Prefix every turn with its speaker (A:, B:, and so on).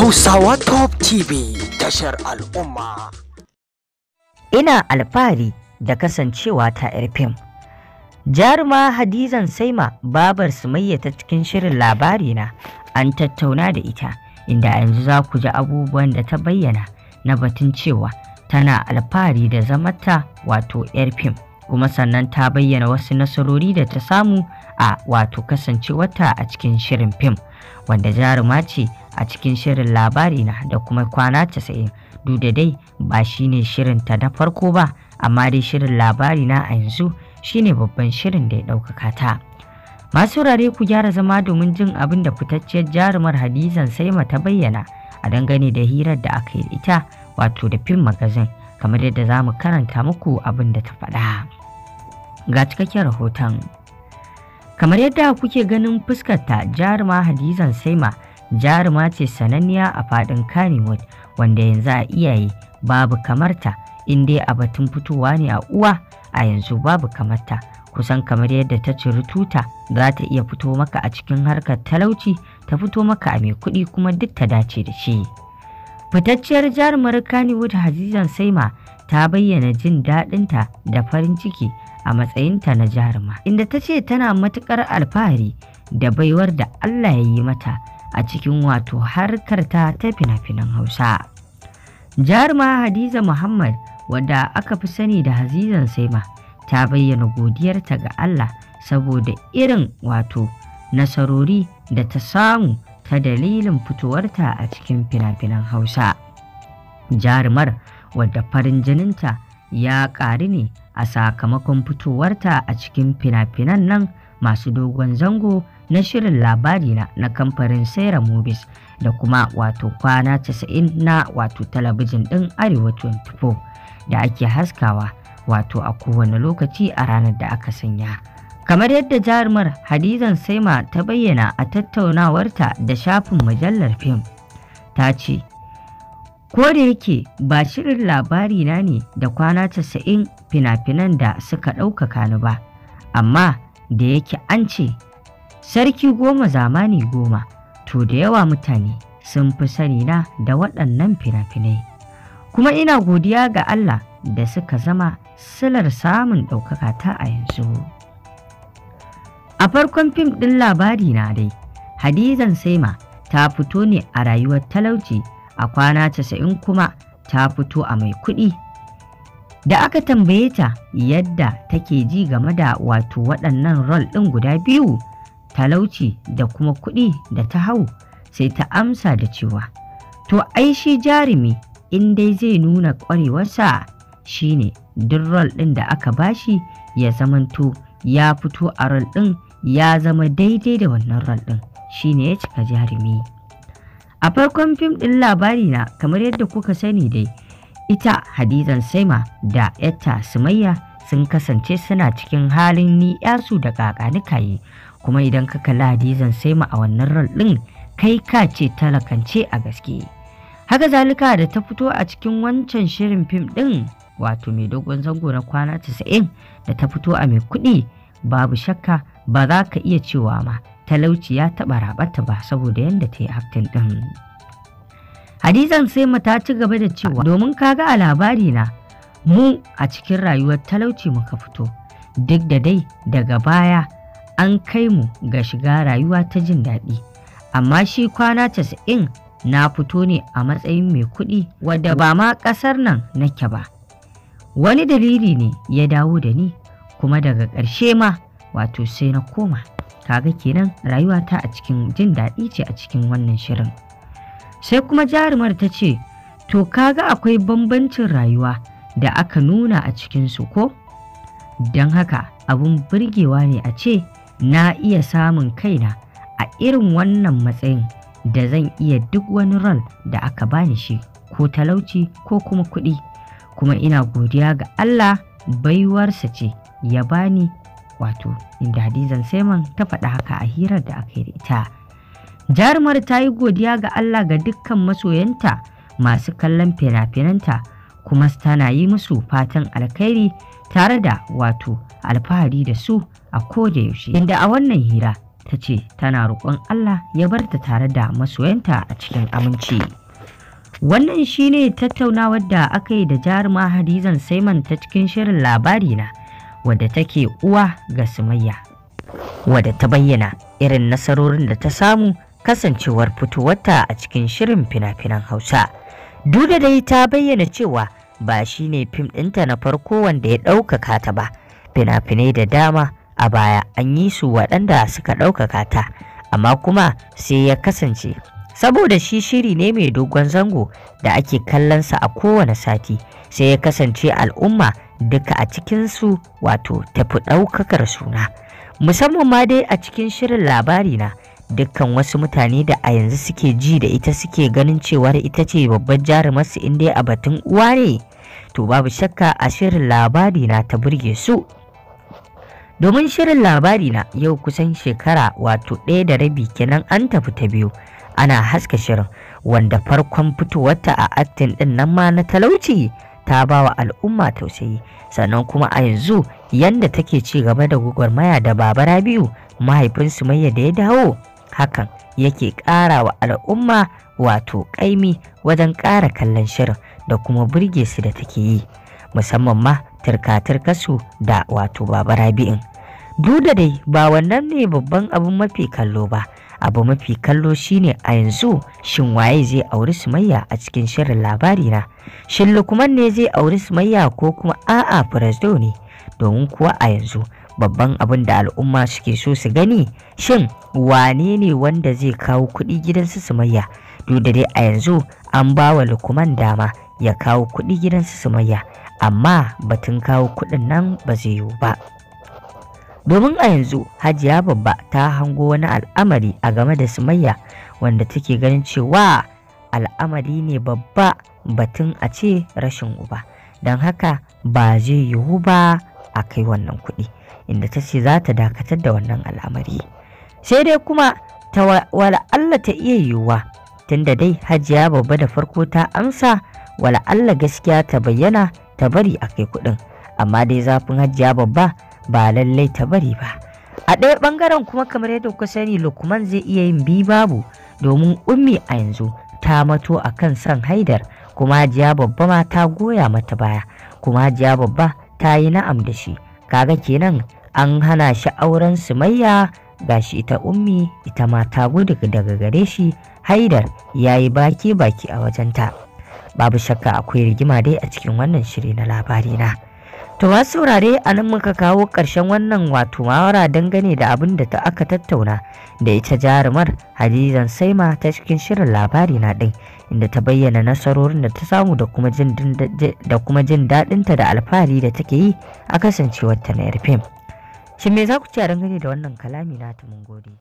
A: Hausawa Top TV tashar al'umma. Ina alfahari da kasancewa ta fim. Jaruma Hadizan Saima babar Sumayya ta cikin shirin labari na an tattauna da ita inda yanzu za ku ji abubuwan da ta bayyana na batun cewa tana alfahari da zamata wato fim. kuma sannan ta bayyana wasu nasarori da ta samu a wato kasancewarta a cikin shirin fim wanda jaruma ce a cikin shirin labari na da kuma kwana casa'in, duk da dai ba shi shine shirinta na farko ba amma dai shirin labari na a yanzu shine babban shirin da ya ɗaukaka ta masu rare ku gyara zama domin jin abin da fitacciyar jarumar hadizan sai ta bayyana a dangane da hirar da aka yi ita wato da fim magazin kamar yadda za mu karanta muku abin da ta faɗa ga cikakken rahoton kamar yadda kuke ganin fuskarta jaruma hadizan saima jaruma ce sananniya a faɗin Kannywood wanda yanzu a iyaye babu kamarta in dai a batun fitowa ne a uwa a yanzu babu kamarta kusan kamar yadda ta ciri tuta za ta iya fito maka a cikin harkar talauci ta fito maka a mai kuɗi kuma duk ta dace da shi. Fitacciyar jarumar Kannywood Hazizan Saima ta bayyana jin daɗinta da farin ciki a matsayinta na jaruma, inda ta ce tana matuƙar alfahari da baiwar da Allah ya yi mata a cikin wato harkar ta ta fina-finan Hausa. Jaruma Hadiza Muhammad wadda aka fi sani da Hazizan Saima ta bayyana godiyarta ga Allah saboda irin wato nasarori da ta samu ta dalilin fitowarta a cikin fina-finan Hausa. Jarumar wadda farin jininta ya ƙari ne a sakamakon fitowarta a cikin fina-finan nan masu dogon zango na shirin labari na na kamfanin Sera Movies da kuma wato kwana 90 na wato talabijin ɗin Arewa 24 da ake haskawa wato a kowane lokaci a ranar da aka sanya. Kamar yadda jarumar Hadizan Saima ta bayyana a tattaunawarta da shafin mujallar fim, ta ce, Ko da yake ba shirin labari na ne da kwana 90 fina-finan da suka ɗaukaka ni ba, amma da yake an ce Sarki goma zamani goma, to da yawa mutane sun fi sani na da waɗannan fina-finai. Kuma ina godiya ga Allah da suka zama silar samun ɗaukaka ta a yanzu. A farkon fim ɗin labari na dai, Hadizan Saima ta fito ne a rayuwar talauci a kwana casa'in kuma ta fito a mai kuɗi. Da aka tambaye ta yadda take ji game da wato waɗannan rol ɗin guda biyu talauci da kuma kuɗi da ta hau sai ta amsa da cewa to ai shi jarumi in dai zai nuna ƙwarewarsa shine duk rol ɗin da aka bashi ya zamanto ya fito a rol ɗin ya zama daidai da wannan rol ɗin shine ya cika jarumi a farkon fim ɗin labari na kamar yadda kuka sani dai ita hadizan saima da yatta sumayya sun kasance suna cikin halin ni yasu da kakanikaye kuma idan ka kalli hadizan sai ma a wannan rol ɗin kai ka ce talakance a gaske haka zalika da ta fito a cikin wancan shirin fim ɗin wato mai dogon zango na kwana 90 da ta fito a mai kuɗi babu shakka ba za ka iya cewa ma talauci ya taɓa rabata ba saboda yadda ta yi aktin ɗin hadizan sai mu ta ci gaba da cewa domin ka ga a labari na mu a cikin rayuwar talauci muka fito duk da dai daga baya an kai mu ga shiga rayuwa ta jin daɗi amma shi kwana casa'in na fito ne a matsayin mai kuɗi wadda ba ma ƙasar nan nake ba wani dalili ne ya dawo da ni kuma daga ƙarshe ma wato sai na koma kaga kenan rayuwata a cikin jin daɗi ce a cikin wannan shirin sai kuma jarumar ta ce to kaga akwai bambancin rayuwa da aka nuna a cikinsu ko don haka abin burgewa ne a ce na iya samun kaina a irin wannan matsayin da zan iya duk wani rol da aka bani shi ko talauci ko kuma kuɗi kuma ina godiya ga Allah baiwarsa ce ya bani wato inda Hadizan Saiman ta faɗa haka a hirar da aka yi da ita. Jarumar ta yi godiya ga Allah ga dukkan masoyanta masu kallon fina-finanta kuma tana yi musu fatan alkhairi tare da wato alfahari da su a koda yaushe inda a wannan hira ta ce tana roƙon Allah ya bar ta tare da masoyanta a cikin aminci. Wannan shine tattaunawar da aka yi da jaruma Hadizan Saiman ta cikin shirin labari na wadda take uwa ga Sumayya. Wadda ta bayyana irin nasarorin da ta samu kasancewar fitowarta a cikin shirin fina-finan Hausa. Duda dai ta bayyana cewa ba shi ne fim ɗinta na farko wanda ya ɗaukaka ta ba fina-finai da dama a baya an yi su waɗanda suka ɗaukaka ta amma kuma sai ya kasance saboda shi shiri ne mai dogon zango da ake kallonsa a kowane sati sai ya kasance al'umma duka a cikinsu wato tafi ɗaukakar suna musamman ma dai a cikin shirin labari na dukkan wasu mutane da a yanzu suke ji da ita suke ganin cewar ita ce babbar jarumarsu in dai a batun uwa ne to babu shakka a shirin labari na ta burge su domin shirin labari na yau kusan shekara wato ɗaya da rabi kenan an tafi ta biyu ana haska shirin wanda farkon fitowarta a aktin ɗin nan ma na talauci ta ba wa al'umma tausayi sannan kuma a yanzu yanda take ci gaba da maya da baba rabiu mahaifin sumayya da ya dawo hakan yake ƙara wa al'umma wato ƙaimi wajen ƙara kallon shirin da kuma burge su da take yi musamman ma turka su da wato baba rabi'in duk da dai ba wannan ne babban abu mafi kallo ba abu mafi kallo shine a yanzu shin waye zai auri sumayya a cikin shirin labari na shin lukman ne zai auri sumayya ko kuma a'a firasdo ne domin kuwa a yanzu babban abin da al'umma suke so su gani shin wane ne wanda zai kawo kuɗi gidansu sumayya duk da dai a yanzu an ba wa lukman dama ya kawo kuɗi su sumayya amma batun kawo kuɗin nan ba zai yiwu ba domin a yanzu hajiya babba ta hango wani al'amari a game da sumayya wanda take ganin cewa al'amari ne babba batun a ce rashin uba don haka ba zai yiwu ba a kai wannan kuɗi inda ta ce za ta dakatar da wannan al'amari sai dai kuma ta wala Allah ta iya yiwuwa Tun da dai hajiya babba da farko ta amsa wala Allah gaskiya ta bayyana ta bari a kai kuɗin amma dai zafin hajiya babba ba lallai ta bari ba a ɗaya ɓangaren kuma kamar yadda kuka sani lukman zai iya yin bi babu domin ummi a yanzu ta mato a kan son haidar kuma hajiya babba ma ta goya mata baya kuma hajiya babba ta yi na'am da shi kaga kenan an hana shi auren su sumayya gashi ita ummi ita ma ta gudu daga gare shi haidar ya yi baki baki a wajenta babu shakka akwai rigima dai a cikin wannan shiri na labari na to masu saurare a nan muka kawo ƙarshen wannan wato mawara dangane da abin da ta aka tattauna da ita jarumar hadizan saima ta cikin shirin labari na ɗin inda ta bayyana nasarorin da ta samu da kuma jin daɗinta da alfahari da take yi a kasancewarta na yarfim. Shin me za ku ce a dangane da wannan kalami na ta mun gode?